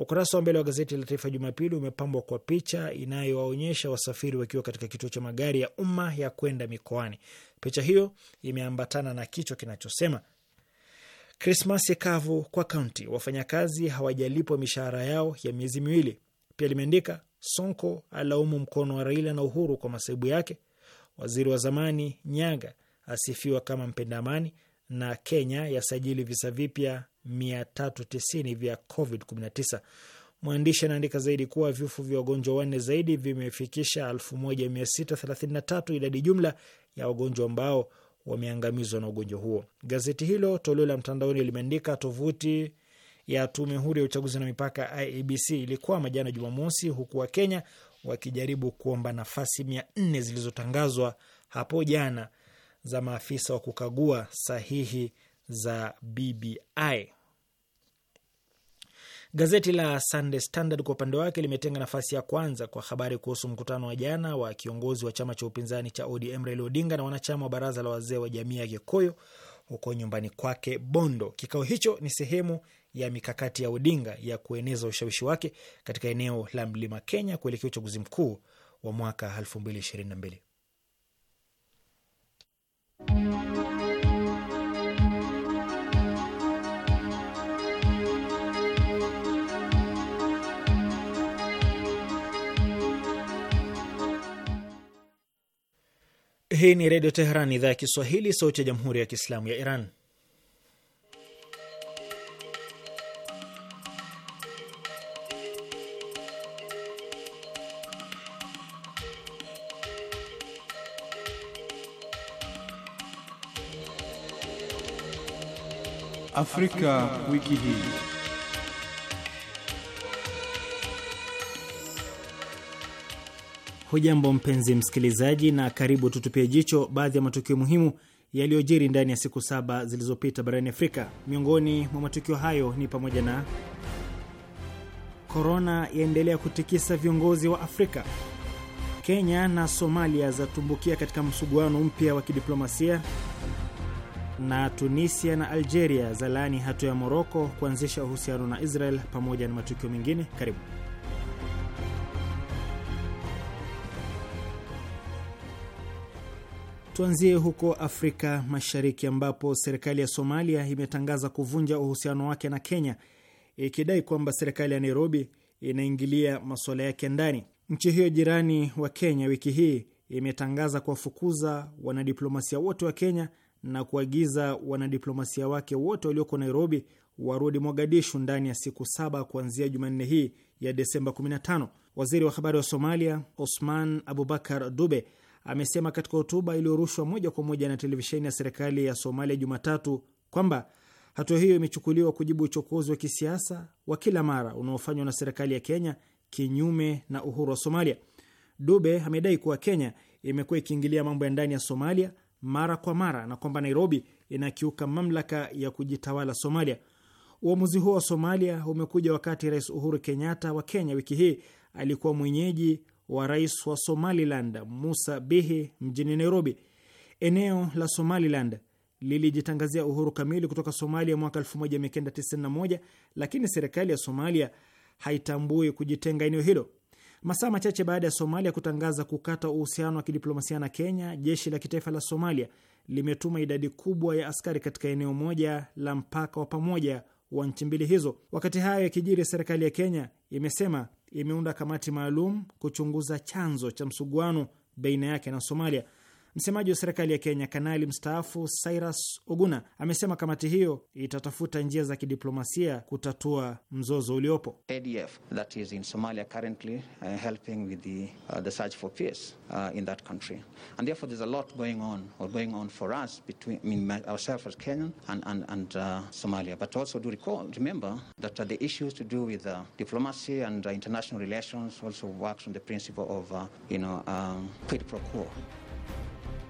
Ukurasa wa mbele wa gazeti la Taifa Jumapili umepambwa kwa picha inayowaonyesha wasafiri wakiwa katika kituo cha magari ya umma ya kwenda mikoani. Picha hiyo imeambatana na kichwa kinachosema Krismasi kavu kwa kaunti, wafanyakazi hawajalipwa mishahara yao ya miezi miwili. Pia limeandika Sonko alaumu mkono wa Raila na Uhuru kwa masaibu yake, waziri wa zamani Nyaga asifiwa kama mpenda amani, na Kenya yasajili visa vipya 390 vya COVID-19. Mwandishi anaandika zaidi kuwa vifo vya wagonjwa wanne zaidi vimefikisha 1633 idadi jumla ya wagonjwa ambao wameangamizwa na ugonjwa huo. Gazeti hilo toleo la mtandaoni limeandika tovuti ya tume huru ya uchaguzi na mipaka IEBC ilikwama jana Jumamosi, huku Wakenya wakijaribu kuomba nafasi mia nne zilizotangazwa hapo jana za maafisa wa kukagua sahihi za BBI. Gazeti la Sunday Standard kwa upande wake limetenga nafasi ya kwanza kwa habari kuhusu mkutano wa jana wa kiongozi wa chama cha upinzani cha ODM Raila Odinga na wanachama wa baraza la wazee wa jamii ya Gekoyo huko nyumbani kwake Bondo. Kikao hicho ni sehemu ya mikakati ya Odinga ya kueneza ushawishi wake katika eneo la mlima Kenya kuelekea uchaguzi mkuu wa mwaka 2022. Hii ni Redio Teheran, idhaa ya Kiswahili, sauti ya Jamhuri ya Kiislamu ya Iran. Afrika wiki hii. Hujambo mpenzi msikilizaji, na karibu tutupie jicho baadhi ya matukio muhimu yaliyojiri ndani ya siku saba zilizopita barani Afrika. Miongoni mwa matukio hayo ni pamoja na korona yaendelea kutikisa viongozi wa Afrika, Kenya na Somalia zatumbukia katika msuguano mpya wa kidiplomasia, na Tunisia na Algeria zalaani hatua ya Moroko kuanzisha uhusiano na Israel, pamoja na matukio mengine. Karibu. Tuanzie huko Afrika Mashariki, ambapo serikali ya Somalia imetangaza kuvunja uhusiano wake na Kenya, ikidai kwamba serikali ya Nairobi inaingilia masuala yake ndani. Nchi hiyo jirani wa Kenya wiki hii imetangaza kuwafukuza wanadiplomasia wote wa Kenya na kuagiza wanadiplomasia wake wote walioko Nairobi warudi Mogadishu ndani ya siku saba kuanzia Jumanne hii ya Desemba 15. Waziri wa habari wa Somalia Osman Abubakar Dube amesema katika hotuba iliyorushwa moja kwa moja na televisheni ya serikali ya Somalia Jumatatu kwamba hatua hiyo imechukuliwa kujibu uchokozi wa kisiasa wa kila mara unaofanywa na serikali ya Kenya kinyume na uhuru wa Somalia. Dube amedai kuwa Kenya imekuwa ikiingilia mambo ya ndani ya Somalia mara kwa mara na kwamba Nairobi inakiuka mamlaka ya kujitawala Somalia. Uamuzi huo wa Somalia umekuja wakati Rais Uhuru Kenyatta wa Kenya wiki hii alikuwa mwenyeji wa rais wa Somaliland Musa Bihi mjini Nairobi. Eneo la Somaliland lilijitangazia uhuru kamili kutoka Somalia mwaka 1991 lakini serikali ya Somalia haitambui kujitenga eneo hilo. Masaa machache baada ya Somalia kutangaza kukata uhusiano wa kidiplomasia na Kenya, jeshi la kitaifa la Somalia limetuma idadi kubwa ya askari katika eneo moja la mpaka wa pamoja wa nchi mbili hizo. Wakati hayo yakijiri, serikali ya Kenya imesema imeunda kamati maalum kuchunguza chanzo cha msuguano baina yake na Somalia. Msemaji wa serikali ya Kenya, kanali mstaafu Cyrus Oguna, amesema kamati hiyo itatafuta njia za kidiplomasia kutatua mzozo uliopo. ADF that is in Somalia currently uh, helping with the, uh, the search for peace uh, in that country and therefore there's a lot going on or going on for us between I mean, ourselves as Kenyan and, and, and uh, Somalia but also do recall, remember that uh, the issues to do with uh, diplomacy and uh, international relations also works on the principle of uh, you know, um, quid pro quo.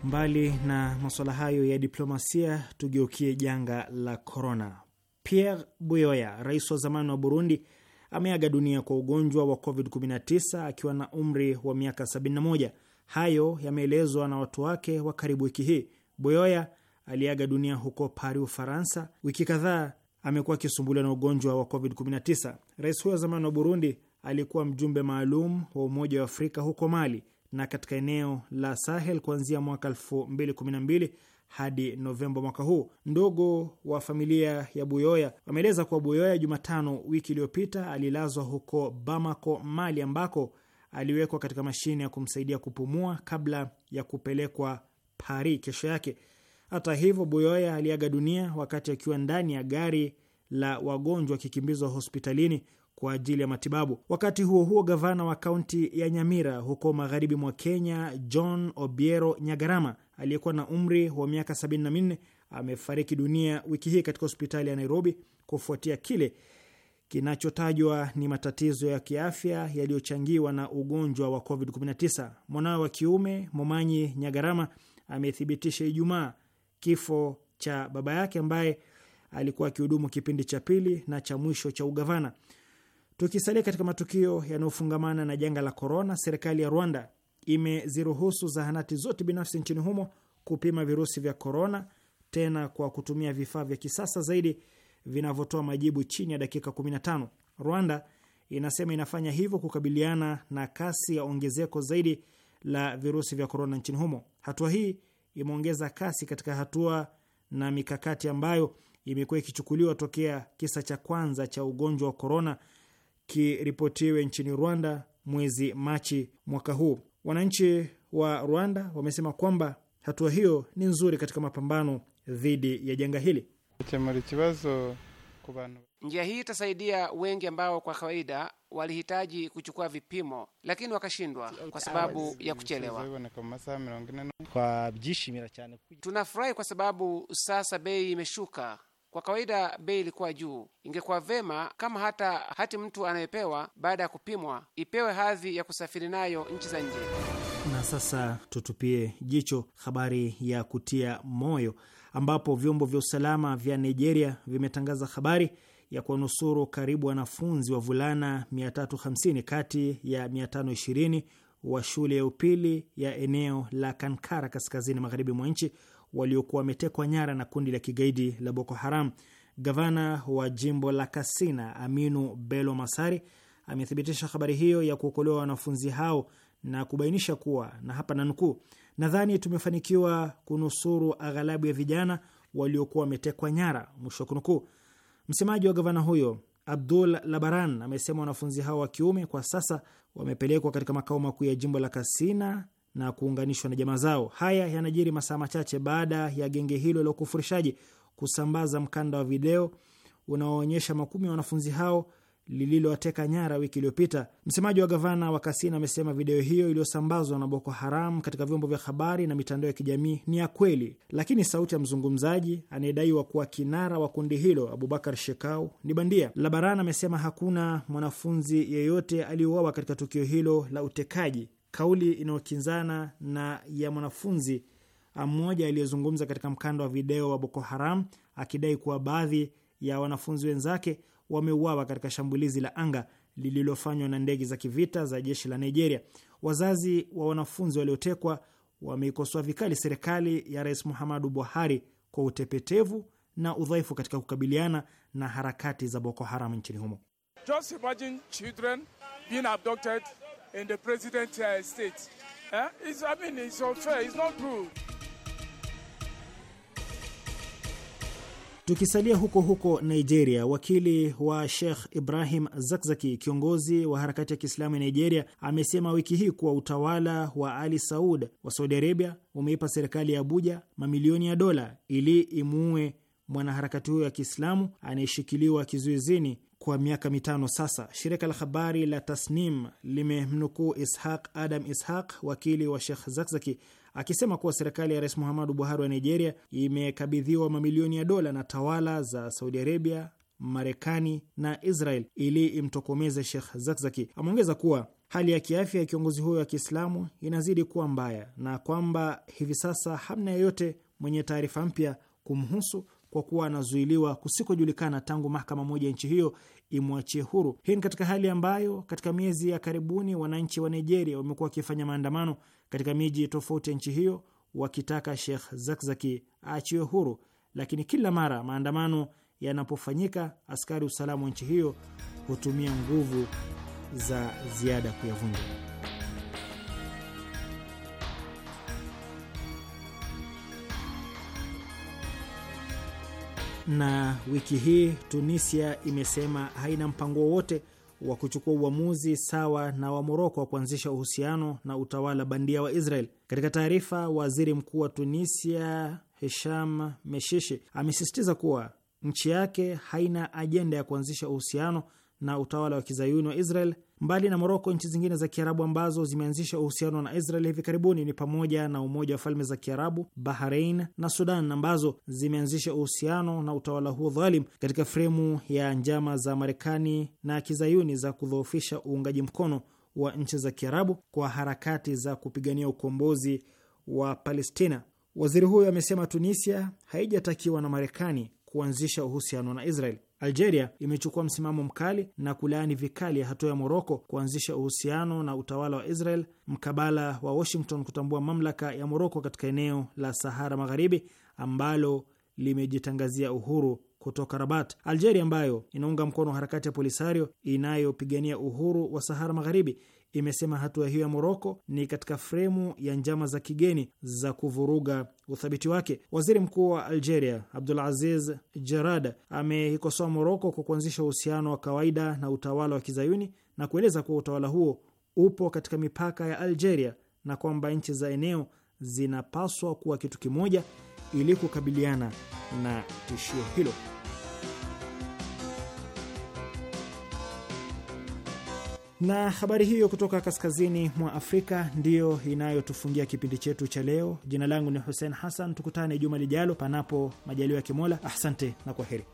Mbali na masuala hayo ya diplomasia, tugeukie janga la korona. Pierre Buyoya, rais wa zamani wa Burundi, ameaga dunia kwa ugonjwa wa COVID-19 akiwa na umri wa miaka 71. Hayo yameelezwa na watu wake wa karibu wiki hii. Buyoya aliaga dunia huko Paris, Ufaransa. Wiki kadhaa amekuwa akisumbuliwa na ugonjwa wa COVID-19. Rais huyo wa zamani wa Burundi alikuwa mjumbe maalum wa Umoja wa Afrika huko Mali na katika eneo la Sahel kuanzia mwaka 2012 hadi Novemba mwaka huu. Ndugu wa familia ya Buyoya wameeleza kuwa Buyoya Jumatano wiki iliyopita alilazwa huko Bamako, Mali, ambako aliwekwa katika mashine ya kumsaidia kupumua kabla ya kupelekwa Paris kesho yake. Hata hivyo, Buyoya aliaga dunia wakati akiwa ndani ya gari la wagonjwa akikimbizwa hospitalini kwa ajili ya matibabu. Wakati huo huo, gavana wa kaunti ya Nyamira huko magharibi mwa Kenya, John Obiero Nyagarama aliyekuwa na umri wa miaka 74 amefariki dunia wiki hii katika hospitali ya Nairobi kufuatia kile kinachotajwa ni matatizo ya kiafya yaliyochangiwa na ugonjwa wa COVID-19. Mwanawe wa kiume Momanyi Nyagarama amethibitisha Ijumaa kifo cha baba yake ambaye alikuwa akihudumu kipindi cha pili na cha mwisho cha ugavana. Tukisalia katika matukio yanayofungamana na janga la korona, serikali ya Rwanda imeziruhusu zahanati zote binafsi nchini humo kupima virusi vya korona, tena kwa kutumia vifaa vya kisasa zaidi vinavyotoa majibu chini ya dakika 15. Rwanda inasema inafanya hivyo kukabiliana na kasi ya ongezeko zaidi la virusi vya korona nchini humo. Hatua hii imeongeza kasi katika hatua na mikakati ambayo imekuwa ikichukuliwa tokea kisa cha kwanza cha ugonjwa wa korona kiripotiwe nchini Rwanda mwezi Machi mwaka huu. Wananchi wa Rwanda wamesema kwamba hatua hiyo ni nzuri katika mapambano dhidi ya janga hili. Njia hii itasaidia wengi ambao kwa kawaida walihitaji kuchukua vipimo lakini wakashindwa kwa sababu ya kuchelewa. Tunafurahi kwa sababu sasa bei imeshuka kwa kawaida bei ilikuwa juu. Ingekuwa vema kama hata hati mtu anayepewa baada ya kupimwa ipewe hadhi ya kusafiri nayo nchi za nje. Na sasa tutupie jicho habari ya kutia moyo, ambapo vyombo vya usalama vya Nigeria vimetangaza habari ya kuwanusuru karibu wanafunzi wavulana 350 kati ya 520 wa shule ya upili ya eneo la Kankara kaskazini magharibi mwa nchi waliokuwa wametekwa nyara na kundi la kigaidi la Boko Haram. Gavana wa jimbo la Kasina, Aminu Bello Masari, amethibitisha habari hiyo ya kuokolewa wanafunzi hao na kubainisha kuwa, na hapa na nukuu, nadhani tumefanikiwa kunusuru aghalabu ya vijana waliokuwa wametekwa nyara, mwisho wa kunukuu. Msemaji wa gavana huyo Abdul Labaran amesema wanafunzi hao wa kiume kwa sasa wamepelekwa katika makao makuu ya jimbo la Kasina na kuunganishwa na jamaa zao. Haya yanajiri masaa machache baada ya genge hilo la ukufurishaji kusambaza mkanda wa video unaoonyesha makumi ya wanafunzi hao lililowateka nyara wiki iliyopita. Msemaji wa gavana wa Kasina amesema video hiyo iliyosambazwa na Boko Haram katika vyombo vya habari na mitandao ya kijamii ni ya kweli, lakini sauti ya mzungumzaji anayedaiwa kuwa kinara wa kundi hilo Abubakar Shekau ni bandia. Labaran amesema hakuna mwanafunzi yeyote aliyeuawa katika tukio hilo la utekaji kauli inayokinzana na ya mwanafunzi ah, mmoja aliyezungumza katika mkanda wa video wa Boko Haram akidai kuwa baadhi ya wanafunzi wenzake wameuawa katika shambulizi la anga lililofanywa na ndege za kivita za jeshi la Nigeria. Wazazi wa wanafunzi waliotekwa wameikosoa vikali serikali ya Rais Muhammadu Buhari kwa utepetevu na udhaifu katika kukabiliana na harakati za Boko Haram nchini humo. Just imagine children being abducted in the president uh, state. Eh? It's, I mean, it's unfair. It's not true. Tukisalia huko huko Nigeria, wakili wa Sheikh Ibrahim Zakzaki, kiongozi wa harakati ya Kiislamu ya Nigeria, amesema wiki hii kuwa utawala wa Ali Saud wa Saudi Arabia umeipa serikali ya Abuja mamilioni ya dola ili imuue mwanaharakati huyo wa Kiislamu anayeshikiliwa kizuizini kwa miaka mitano sasa. Shirika la habari la Tasnim limemnukuu Ishaq Adam Ishaq, wakili wa shekh Zakzaki, akisema kuwa serikali ya Rais Muhammadu Buhari wa Nigeria imekabidhiwa mamilioni ya dola na tawala za Saudi Arabia, Marekani na Israel ili imtokomeze shekh Zakzaki. Ameongeza kuwa hali ya kiafya ya kiongozi huyo wa Kiislamu inazidi kuwa mbaya na kwamba hivi sasa hamna yeyote mwenye taarifa mpya kumhusu kwa kuwa anazuiliwa kusikojulikana tangu mahakama moja ya nchi hiyo imwachie huru. Hii ni katika hali ambayo katika miezi ya karibuni wananchi wa Nigeria wamekuwa wakifanya maandamano katika miji tofauti ya nchi hiyo wakitaka Sheikh Zakzaki aachiwe huru, lakini kila mara maandamano yanapofanyika, askari usalama wa nchi hiyo hutumia nguvu za ziada kuyavunja. na wiki hii Tunisia imesema haina mpango wowote wa kuchukua uamuzi sawa na wa Moroko wa kuanzisha uhusiano na utawala bandia wa Israel. Katika taarifa, waziri mkuu wa Tunisia Hesham Meshishi amesisitiza kuwa nchi yake haina ajenda ya kuanzisha uhusiano na utawala wa kizayuni wa Israel Mbali na Moroko, nchi zingine za Kiarabu ambazo zimeanzisha uhusiano na Israel hivi karibuni ni pamoja na Umoja wa Falme za Kiarabu, Bahrain na Sudan ambazo zimeanzisha uhusiano na utawala huo dhalim katika fremu ya njama za Marekani na kizayuni za kudhoofisha uungaji mkono wa nchi za Kiarabu kwa harakati za kupigania ukombozi wa Palestina. Waziri huyo amesema Tunisia haijatakiwa na Marekani kuanzisha uhusiano na Israel. Algeria imechukua msimamo mkali na kulaani vikali ya hatua ya Moroko kuanzisha uhusiano na utawala wa Israel mkabala wa Washington kutambua mamlaka ya Moroko katika eneo la Sahara Magharibi ambalo limejitangazia uhuru kutoka Rabat. Algeria ambayo inaunga mkono harakati ya Polisario inayopigania uhuru wa Sahara Magharibi imesema hatua hiyo ya Moroko ni katika fremu ya njama za kigeni za kuvuruga uthabiti wake. Waziri mkuu wa Algeria abdul aziz Jarad ameikosoa Moroko kwa kuanzisha uhusiano wa kawaida na utawala wa kizayuni na kueleza kuwa utawala huo upo katika mipaka ya Algeria na kwamba nchi za eneo zinapaswa kuwa kitu kimoja ili kukabiliana na tishio hilo. Na habari hiyo kutoka kaskazini mwa Afrika ndiyo inayotufungia kipindi chetu cha leo. Jina langu ni Hussein Hassan, tukutane juma lijalo, panapo majaliwa ya Kimola. Asante na kwa heri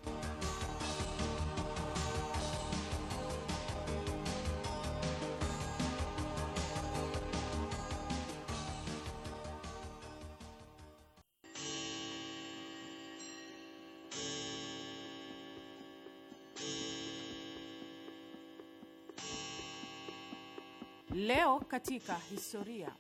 Leo katika historia.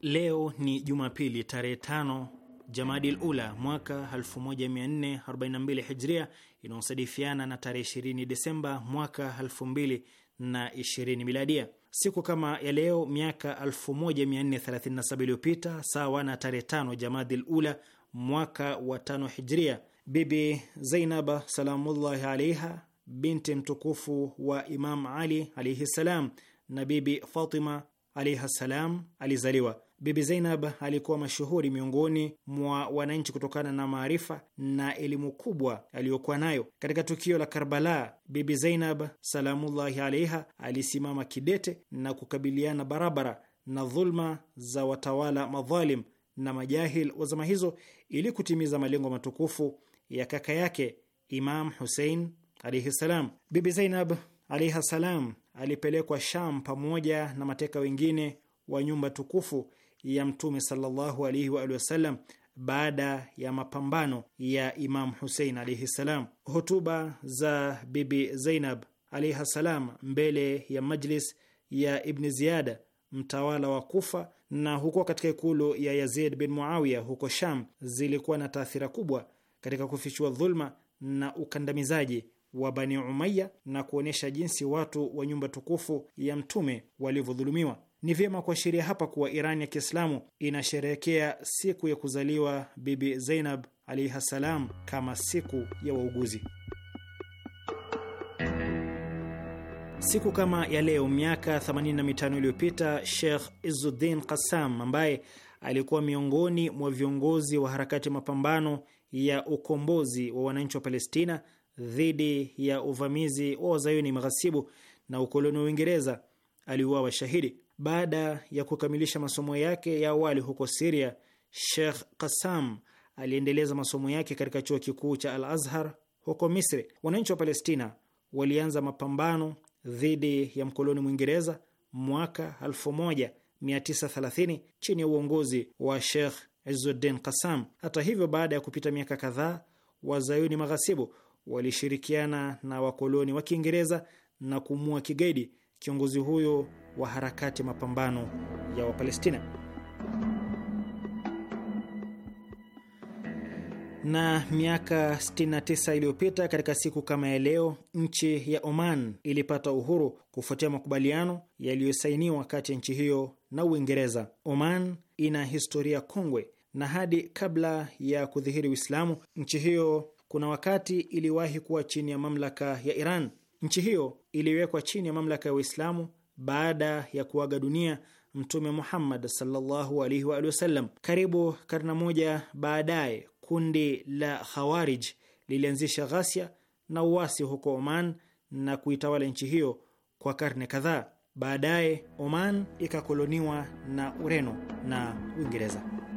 Leo ni Jumapili tarehe tano Jamadil Ula mwaka 1442 Hijria, inayosadifiana na tarehe 20 Desemba mwaka 2020 Miladia. Siku kama ya leo miaka 1437 iliyopita, sawa na tarehe tano Jamadil Ula mwaka wa tano Hijria, Bibi Zainab salamullahi alaiha binti mtukufu wa Imam Ali alaihi ssalam na Bibi Fatima alaihi ssalam alizaliwa. Bibi Zainab alikuwa mashuhuri miongoni mwa wananchi kutokana na maarifa na elimu kubwa aliyokuwa nayo. Katika tukio la Karbala, Bibi Zainab salamullahi alaiha alisimama kidete na kukabiliana barabara na dhulma za watawala madhalim na majahil wa zama hizo ili kutimiza malengo matukufu ya kaka yake Imam Husein alaihi salam. Bibi Zainab alaihi salam alipelekwa Sham pamoja na mateka wengine wa nyumba tukufu ya Mtume sallallahu alaihi wa alihi wasallam baada ya mapambano ya Imam Husein alaihi salam. Hotuba za Bibi Zainab alaihi salam mbele ya majlis ya Ibni Ziyada mtawala wa Kufa na huko katika ikulu ya Yazid bin Muawiya huko Sham zilikuwa na taathira kubwa katika kufichua dhulma na ukandamizaji wa Bani Umaya na kuonyesha jinsi watu wa nyumba tukufu ya Mtume walivyodhulumiwa. Ni vyema kuashiria hapa kuwa Iran ya Kiislamu inasherehekea siku ya kuzaliwa Bibi Zainab alaihi salam kama siku ya wauguzi. Siku kama ya leo miaka 85 iliyopita Sheikh Izuddin Qassam ambaye alikuwa miongoni mwa viongozi wa harakati mapambano ya ukombozi wa wananchi wa Palestina dhidi ya uvamizi wa wazayuni maghasibu na ukoloni wa Uingereza aliuawa shahidi. Baada ya kukamilisha masomo yake ya awali huko Siria, Sheikh qasam aliendeleza masomo yake katika chuo kikuu cha Al Azhar huko Misri. Wananchi wa Palestina walianza mapambano dhidi ya mkoloni Mwingereza mwaka 1930 chini ya uongozi wa Sheikh Izzuddin Qassam. Hata hivyo, baada ya kupita miaka kadhaa, wazayuni maghasibu walishirikiana na wakoloni wa Kiingereza na kumua kigaidi kiongozi huyo wa harakati mapambano ya Wapalestina. na miaka 69 iliyopita katika siku kama ya leo, nchi ya Oman ilipata uhuru kufuatia makubaliano yaliyosainiwa kati ya nchi hiyo na Uingereza. Oman ina historia kongwe, na hadi kabla ya kudhihiri Uislamu nchi hiyo kuna wakati iliwahi kuwa chini ya mamlaka ya Iran. Nchi hiyo iliwekwa chini ya mamlaka ya Waislamu baada ya kuaga dunia Mtume Muhammad sallallahu alaihi wa alihi wasallam. Karibu karna moja baadaye, kundi la Khawarij lilianzisha ghasia na uasi huko Oman na kuitawala nchi hiyo kwa karne kadhaa. Baadaye Oman ikakoloniwa na Ureno na Uingereza.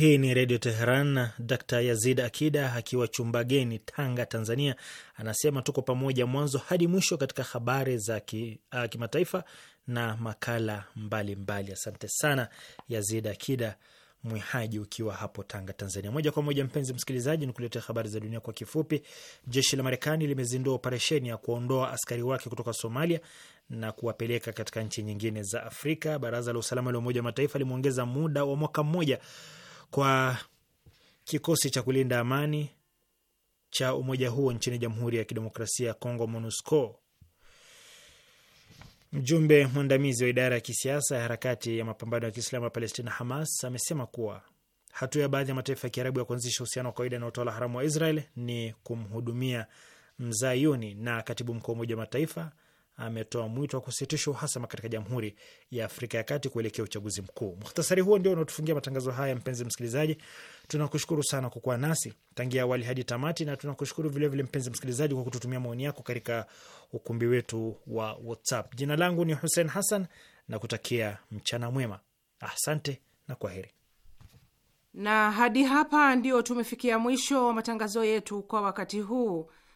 Hii ni Redio Teheran. Dr Yazid Akida akiwa Chumbageni, Tanga, Tanzania, anasema tuko pamoja mwanzo hadi mwisho katika habari za uh, kimataifa na makala mbalimbali mbali. Asante sana Yazid Akida Mwihaji ukiwa hapo Tanga, Tanzania. Moja kwa moja, mpenzi msikilizaji, nikuletea habari za dunia kwa kifupi. Jeshi la Marekani limezindua operesheni ya kuondoa askari wake kutoka Somalia na kuwapeleka katika nchi nyingine za Afrika. Baraza la Usalama la Umoja wa Mataifa limeongeza muda wa mwaka mmoja kwa kikosi cha kulinda amani cha umoja huo nchini Jamhuri ya Kidemokrasia ya Kongo, MONUSCO. Mjumbe mwandamizi wa idara ya kisiasa ya harakati ya mapambano ya Kiislamu ya Palestina, Hamas, amesema kuwa hatua ya baadhi ya mataifa ya Kiarabu ya kuanzisha uhusiano wa kawaida na utawala haramu wa Israel ni kumhudumia mzayuni na katibu mkuu wa Umoja wa Mataifa ametoa mwito wa kusitisha uhasama katika Jamhuri ya Afrika ya Kati kuelekea uchaguzi mkuu. Muhtasari huo ndio unaotufungia matangazo haya. Mpenzi msikilizaji, tunakushukuru sana kwa kuwa nasi tangia awali hadi tamati, na tunakushukuru vilevile mpenzi msikilizaji kwa kututumia maoni yako katika ukumbi wetu wa WhatsApp. Jina langu ni Hussein Hassan na kutakia mchana mwema. Asante na kwa heri. Na hadi hapa ndio tumefikia mwisho wa matangazo yetu kwa wakati huu.